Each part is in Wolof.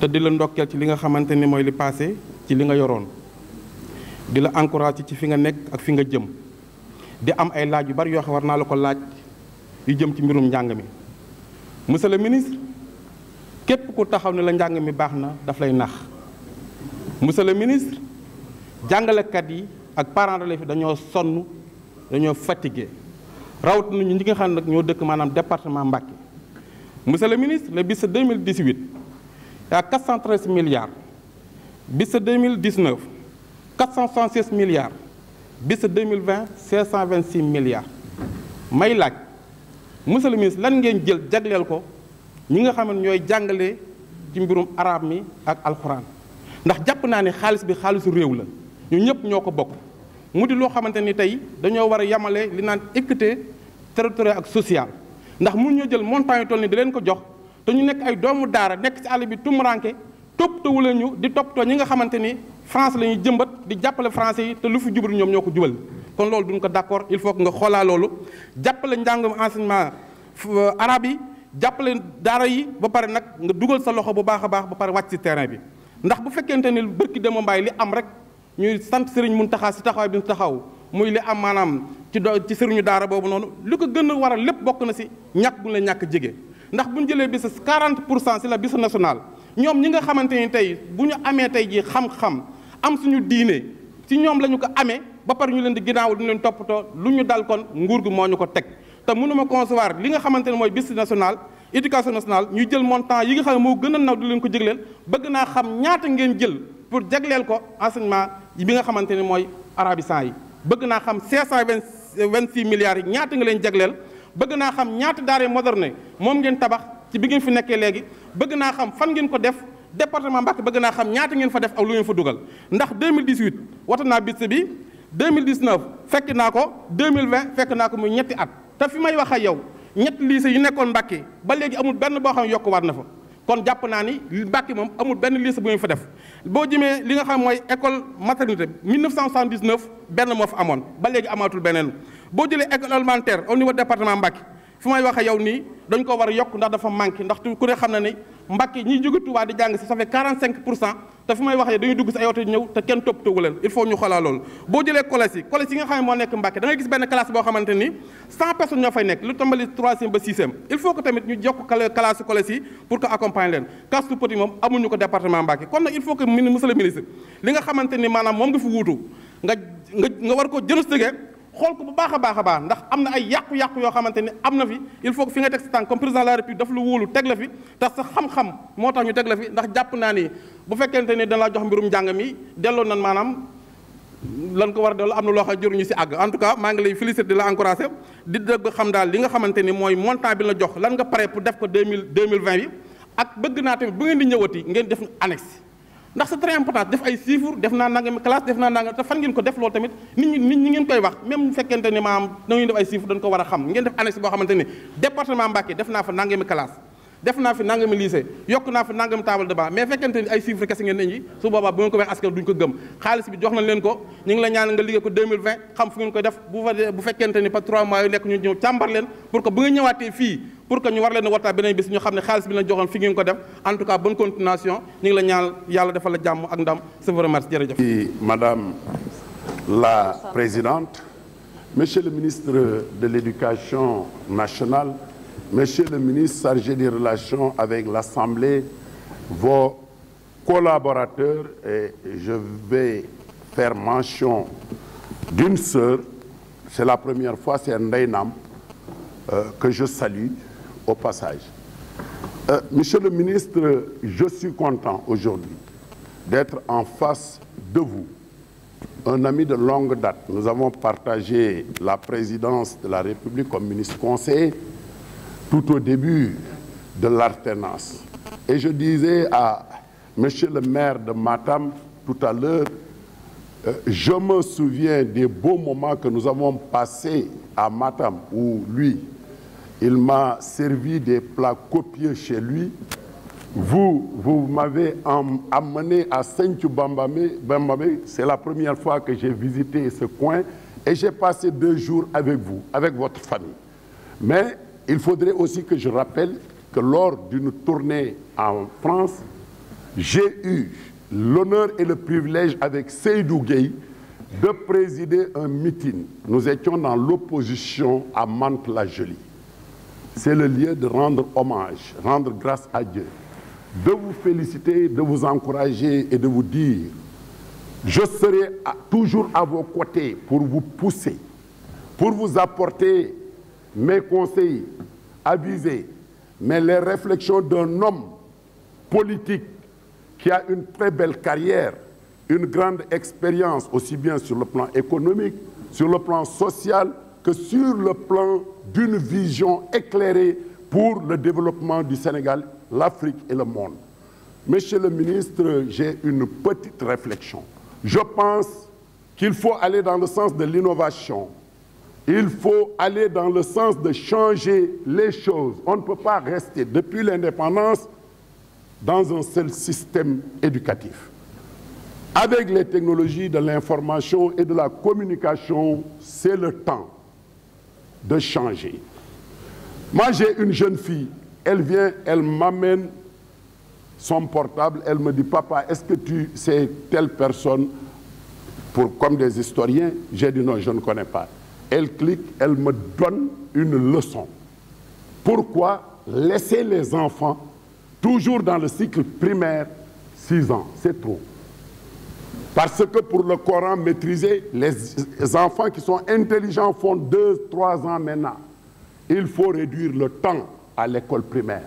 te di la ndokkeel ci li nga xamante ni mooy li passé ci li nga yoroon di la encouragé ci fi nga nekk ak fi nga jëm di am ay laaj yu bari yoo xam war naa la ko laaj yu jëm ci mbirum njàng mi monsieur le ministre képp ku taxaw ne la njàng mi baax na daf lay nax monsieur le ministre jàngalekat yi ak parents d'élèves fi dañoo sonn dañoo fatigué rawatina ñu ñi nga xam ne nag ñoo dëkk maanaam département Mbacké monsieur le ministre le bis 2018 à 413 milliards bis sa 2019 476 milliards bis sa 2020 526 milliards may laaj monsieur le ministre lan ngeen jël jagleel ko ñi nga xam ñooy jàngale ci mbirum arab mi ak alxuraan ndax jàpp naa ni xaalis bi xaalisu réew la ñu ñëpp ñoo ko bokk mu di loo xamante ni tey dañoo war a yamale li naan équité territoriale ak sociale ndax mun ñoo jël montant yu toll ni di leen ko jox te ñu nekk ay doomu daara nekk ci àll bi tumuranke toppatoo leen ñu di toppatoo ñi nga xamante ni France la ñuy jëmbat di jàppale français yi te lu fi jubal ñoom ñoo ko jubal kon loolu duñ ko d'accord il faut que nga xoolaa loolu jàppale njàngum enseignement euh, arabe yi jàppale daara yi ba pare nag nga dugal sa loxo bu baax a baax ba pare wàcc ci terrain bi ndax bu fekkente ni bërki dema mbaay li am rek ñuy sant sëriñ Muntaxa si taxawaay bi mu taxaw muy li am maanaam ci do ci sëriñu daara boobu noonu lu ko gën waral lépp bokk na si ñàkk la ñàkk jege ndax bu ñu jëlee bisu 40 pour cent si la bisu national ñoom ñi nga xamante ni tey bu ñu amee tey jii xam-xam am suñu diinee ci ñoom la ñu ko amee ba pare ñu leen di ginnaawul ñu leen toppatoo lu ñu dal koon nguur gi moo ñu ko teg. te mënuma concevoir li nga xamante ne mooy bisu national éducation nationale ñu jël montant yi nga xam ne moo gën a naw di leen ko jégleel bëgg naa xam ñaata ngeen jël pour jagleel ko enseignement bi nga xamante ne mooy arabisants yi bëgg naa xam 526 milliards yi ñaata nga leen jagleel. bëgg naa xam ñaata daare moderne moom ngeen tabax ci bi ngeen fi nekkee léegi bëgg naa xam fan ngeen ko def département Mbacké bëgg naa xam ñaata ngeen fa def ak lu ngeen fa dugal ndax 2018 wata naa bis bi 2019 fekk naa ko 2020 fekk naa ko muy ñetti at te fi may wax ak yow ñetti lycée yu nekkoon Mbacké ba léegi amul benn boo xam yokk waat na fa kon jàpp naa ni Mbacké moom amul benn lycée bu ñu fa def boo jëmee li nga xam mooy école maternité 1979 benn moo fa amoon ba léegi amaatul beneen boo jëlee école élémentaire au niveau département Mbacké fu may waxee yow nii dañ ko war a yokk ndax dafa manqué ndax ku ne xam na ne Mbacké ñiy jóge Touba di jàng si ça fait 45 pour cent te fu may waxee dañuy dugg si ay oto ñëw te kenn toppatoogu leen il faut ñu xoolaa loolu boo jëlee collège yi collège yi nga xam ne moo nekk Mbacké da ngay gis benn classe boo xamante ni 100 personnes ñoo fay nekk lu tàmbali troisième ba sixième il faut ko département Mbacké kon nag il faut que monsieur le ministre li nga xamante xool ko bu baax a baax a baax ndax am na ay yàqu-yàqu yoo xamante ni am na fi il faut que fi nga teg sa tànk comme président la république daf la wóolu teg la fi te sa xam-xam moo tax ñu teg la fi ndax jàpp naa ni bu fekkente ni dañ jox mbirum njàng mi delloo nan maanaam lan ko war a delloo am na loo xam jëruñu si àgg en maa ngi lay féliciter di la encourager di dëgg xam daal li nga xamante ni mooy montant bi la jox lan nga pare pour def ko deux mille deux mille vingt bi ak bëgg naa ngeen di ñëwati ndax c'est très important def ay chiffres def naa nangami classe def naa te fan ngeen ko def loolu tamit nit ñi nit ñi ngeen koy wax même fekkente ne maam dangeen def ay chiffres dañ ko a xam ngeen def annexe boo xamante ne département def naa fa nangami classe def yokk naa fi nangami table de banc mais fekkente ni ay chiffres kese ngeen indi su boobaa bu ngeen ko wax askan duñ ko gëm xaalis bi jox nañ leen ko ñu ngi la ñaan nga liggéey ko 2020 xam fu ngeen koy def bu fekkente ni pas 3 mois yu nekk ñu càmbar leen pour que bu nga ñëwaatee pour que ñu war leen wataa beneen bis ñu xam ne xaalis bi lañ joxoon fi ngeen ko def en tout cas bonne continuation ñu ngi la ñaan yàlla defal la jàmm ak ndam je vous remercie jërëjëf madame la présidente monsieur le ministre de l'éducation nationale monsieur le ministre chargé des relations avec l'assemblée vos collaborateurs et je vais faire mention d'une sœur c'est la première fois c'est Ndeye Nam euh, que je salue au passage. Euh, monsieur le ministre, je suis content aujourd'hui d'être en face de vous, un ami de longue date. Nous avons partagé la présidence de la République comme ministre conseiller tout au début de l'alternance. Et je disais à monsieur le maire de Matam tout à l'heure, euh, je me souviens des beaux moments que nous avons passés à Matam, où lui, Il m'a servi des plats copieux chez lui. Vous, vous m'avez amené à Sinthiou Bambamé. Bambamé, c'est la première fois que j'ai visité ce coin et j'ai passé deux jours avec vous, avec votre famille. Mais il faudrait aussi que je rappelle que lors d'une tournée en France, j'ai eu l'honneur et le privilège avec Seydou Gueye de présider un meeting. Nous étions dans l'opposition à Mantes-la-Jolie. c'est le lieu de rendre hommage, rendre grâce à Dieu, de vous féliciter, de vous encourager et de vous dire, je serai toujours à vos côtés pour vous pousser, pour vous apporter mes conseils avisés, mais les réflexions d'un homme politique qui a une très belle carrière, une grande expérience, aussi bien sur le plan économique, sur le plan social, que sur le plan d'une vision éclairée pour le développement du Sénégal, l'Afrique et le monde. Monsieur le ministre, j'ai une petite réflexion. Je pense qu'il faut aller dans le sens de l'innovation. Il faut aller dans le sens de changer les choses. On ne peut pas rester depuis l'indépendance dans un seul système éducatif. Avec les technologies de l'information et de la communication, c'est le temps de changer. Moi, j'ai une jeune fille, elle vient, elle m'amène son portable, elle me dit, papa, est-ce que tu sais telle personne pour, comme des historiens, j'ai dit non, je ne connais pas. Elle clique, elle me donne une leçon. Pourquoi laisser les enfants toujours dans le cycle primaire, 6 ans, c'est trop. Parce que pour le Coran maîtrisé, les enfants qui sont intelligents font deux, trois ans maintenant. Il faut réduire le temps à l'école primaire,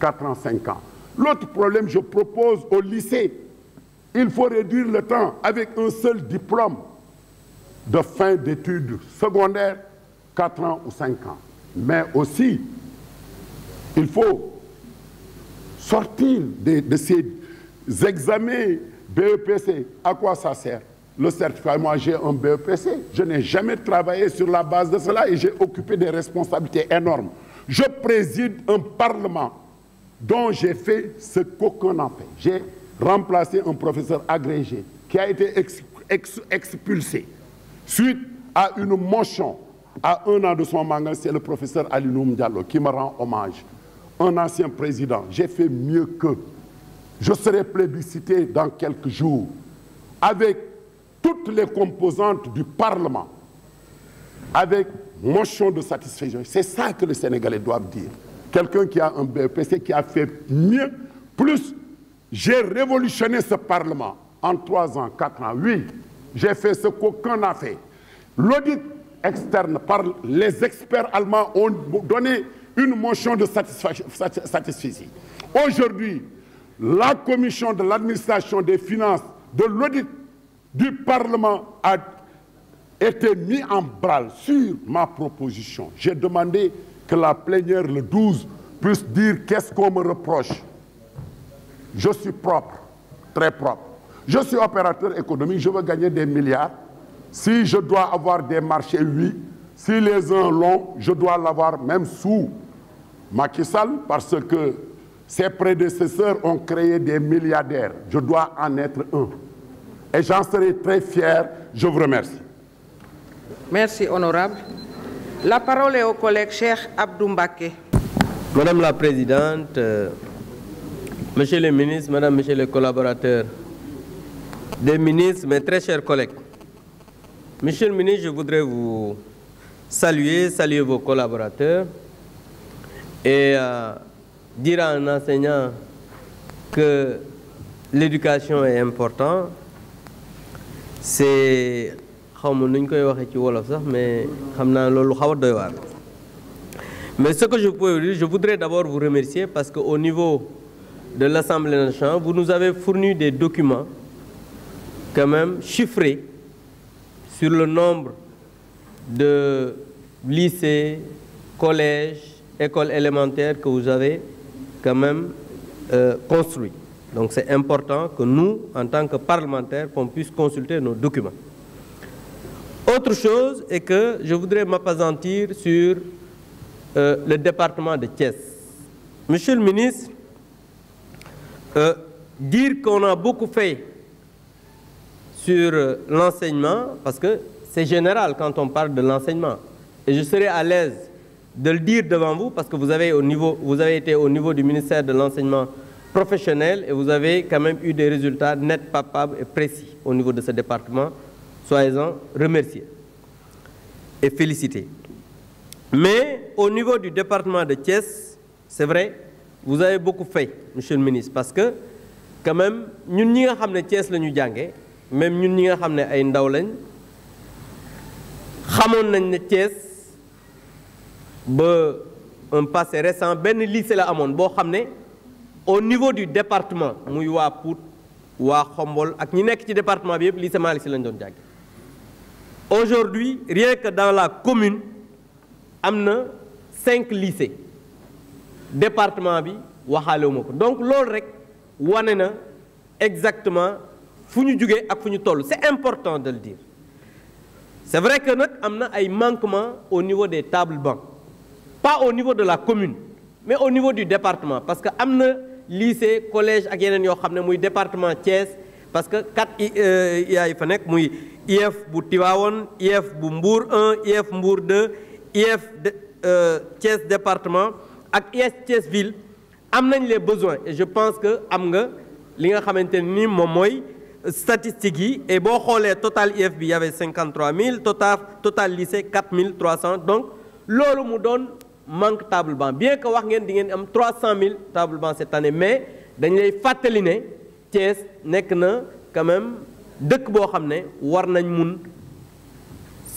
4 ans, 5 ans. L'autre problème, je propose au lycée, il faut réduire le temps avec un seul diplôme de fin d'études secondaires, 4 ans ou 5 Mais aussi, il faut sortir de, de ces examens BEPC, à quoi ça sert Le certificat, moi j'ai un BEPC. Je n'ai jamais travaillé sur la base de cela et j'ai occupé des responsabilités énormes. Je préside un parlement dont j'ai fait ce qu'aucun n'a fait. J'ai remplacé un professeur agrégé qui a été ex ex expulsé suite à une motion à un an de son mandat, c'est le professeur Alinoum Diallo qui me rend hommage. Un ancien président, j'ai fait mieux qu'eux. je serai plébiscité dans quelques jours avec toutes les composantes du Parlement, avec motion de satisfaction. C'est ça que les Sénégalais doivent dire. Quelqu'un qui a un BEPC qui a fait mieux, plus j'ai révolutionné ce Parlement en trois ans, quatre ans, oui, j'ai fait ce qu'aucun n'a fait. L'audit externe par les experts allemands ont donné une motion de satisfaction. Aujourd'hui, la commission de l'administration des finances, de l'audit du Parlement a été mise en branle sur ma proposition. J'ai demandé que la plénière le 12 puisse dire qu'est-ce qu'on me reproche. Je suis propre, très propre. Je suis opérateur économique, je veux gagner des milliards. Si je dois avoir des marchés, oui. Si les uns l'ont, je dois l'avoir même sous Macky Sall parce que Ses prédécesseurs ont créé des milliardaires. Je dois en être un. Et j'en serai très fier. Je vous remercie. Merci, honorable. La parole est au collègue Cheikh Abdou Mbaké. Madame la Présidente, euh, Monsieur le ministre, Madame, Monsieur les collaborateurs des ministres, mes très chers collègues, Monsieur le ministre, je voudrais vous saluer, saluer vos collaborateurs et euh, dire à un enseignant que l'éducation est important c'est xaw ma nu ñu koy waxee ci wolof sax mais xam naa loolu xaw a doy mais ce que je peux vous dire je voudrais d'abord vous remercier parce que au niveau de l'Assemblée nationale vous nous avez fourni des documents quand même chiffrés sur le nombre de lycées collèges écoles élémentaires que vous avez quand même euh, construit. Donc c'est important que nous, en tant que parlementaires, qu'on puisse consulter nos documents. Autre chose est que je voudrais m'apesantir sur euh, le département de Thiès. Monsieur le ministre, euh, dire qu'on a beaucoup fait sur euh, l'enseignement, parce que c'est général quand on parle de l'enseignement, et je serai à l'aise de le dire devant vous parce que vous avez, au niveau, vous avez été au niveau du ministère de l'enseignement professionnel et vous avez quand même eu des résultats nets, papables et précis au niveau de ce département. Soyez-en remerciés et félicités. Mais au niveau du département de Thiès, c'est vrai, vous avez beaucoup fait, monsieur le ministre, parce que quand même ñun ñi nga xam ne Thiès la ñu jànge même ñun ñi nga xam ne ay ndaw lañ xamoon nañ ne Thiès ba un passé récent benn lycée la amoon boo xam ne au niveau du département muy waa Pout waa Xombol ak ñi nekk ci département bi yëpp lycée Malick Sy lañ doon jàgge aujourd'hui rien que dans la commune am na cinq lycées département bi waxaale waxaalewuma ko donc loolu rek wane na exactement fu ñu jugee ak fu ñu toll c'est important de le dire c'est vrai que nag am na ay manquements au niveau des tables bancs pas au niveau de la commune mais au niveau du département parce que am na lycée collège ak yeneen yoo xam ne muy département Thiès parce que quatre IA euh, yi fa nekk muy IF bu Tivaouane IF bu mbuur Mbour 1 IF Mbour 2 IF euh, Thiès département ak IF Thiès ville am nañ les besoins et je pense que am nga li nga xamante ni moom mooy statistiques yi et boo xoolee total IF bi y avait 53 000 total total lycée 4 300 donc loolu mu doon. manque table banc bien que wax ngeen di ngeen am 300000 table banc cette année mais dañ lay fàttali ne Thiès nekk na quand dëkk boo xam ne war nañ mun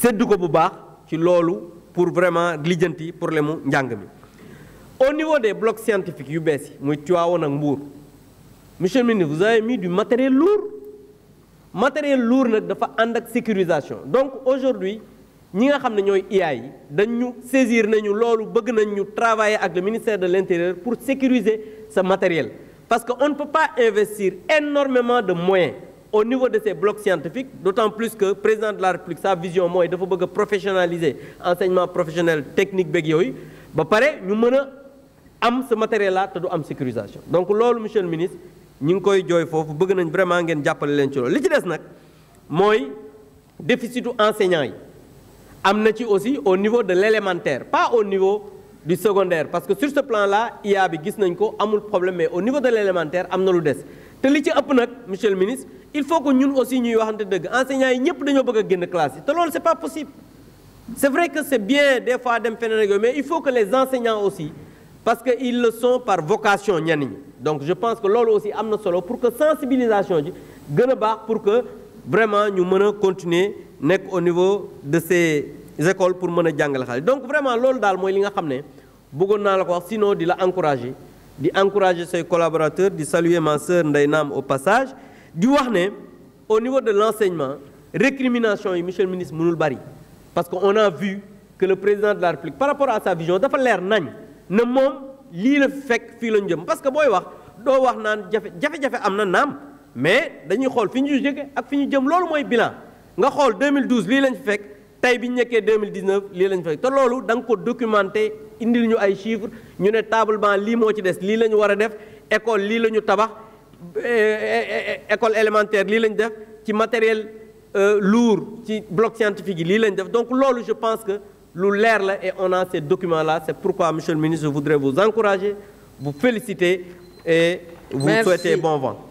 sedd ko bu baax ci loolu pour vraiment lijjanti problème mu njàng mi. au niveau des blocs scientifiques yu bees yi muy Tivaouane ak Mbour monsieur le ministre vous avez mis du matériel lourd matériel lourd nag dafa ànd ak sécurisation donc aujourd'hui ñi nga xam ne ñooy IA yi dañu ñu saisir nañu loolu bëgg nañ ñu travailler ak le ministère de l'intérieur pour sécuriser ce matériel parce que on ne pas investir énormément de moyens au niveau de ces blocs scientifiques d'autant plus que président de la République sa vision mooy dafa bëgg a professionnaliser enseignement professionnel technique beeg yooyu ba pare ñu mën a am sa matériel là te du am sécurisation donc loolu monsieur le ministre ñi ngi koy jooy foofu bëgg nañ vraiment ngeen jàppale leen ci loolu li ci des nag mooy déficitu enseignants yi am na ci aussi au niveau de l'élémentaire pas au niveau du secondaire parce que sur ce plan i IA bi gis nañ ko amul problème mais au niveau de l'élémentaire am na lu des te li ci ëpp nag monsieur le ministre il faut que ñun aussi ñuy waxante dëgg enseignants yi ñëpp dañoo bëgg a génn classe yi te loolu c'est pas possible c'est vrai que c'est bien des fois dem feneen ak yooyu mais il faut que les enseignants aussi parce que ils le sont par vocation ñi donc je pense que loolu aussi am na pour que sensibilisation ji gën a baax pour que vraiment ñu mën a continuer nekk au niveau de ces écoles pour mën a jàngale xale donc vraiment loolu daal mooy li nga xam ne bëggoon naa la ko wax sinon di la encourager di encourager say collaborateur di saluer ma sœur Ndeye Naam au passage di wax ne au niveau de l'enseignement récrimination yi monsieur le ministre mënul bari parce que on a vu que le président de la République par rapport à sa vision dafa leer nañ ne moom lii la fekk fii la ñu jëm parce que booy wax doo wax naan jafe jafe-jafe am na naam mais dañuy xool fi ñu jóge ak fi ñu jëm loolu mooy bilan nga xool 2012 lii lañ fi fekk tey bi ñu nekkee 2019 lii lañ fi fekk te loolu da nga ko indi lu ñu ay chiffres ñu ne table banc lii moo ci des lii la ñu war a def école lii la ñu tabax eh, eh, eh, école élémentaire lii la ñu def ci matériel euh, lourd ci bloc scientifique yi lii la def donc loolu je pense que lu leer la et on a ces documents là c'est pourquoi monsieur le ministre je voudrais vous encourager vous féliciter et vous souhaiter bon vent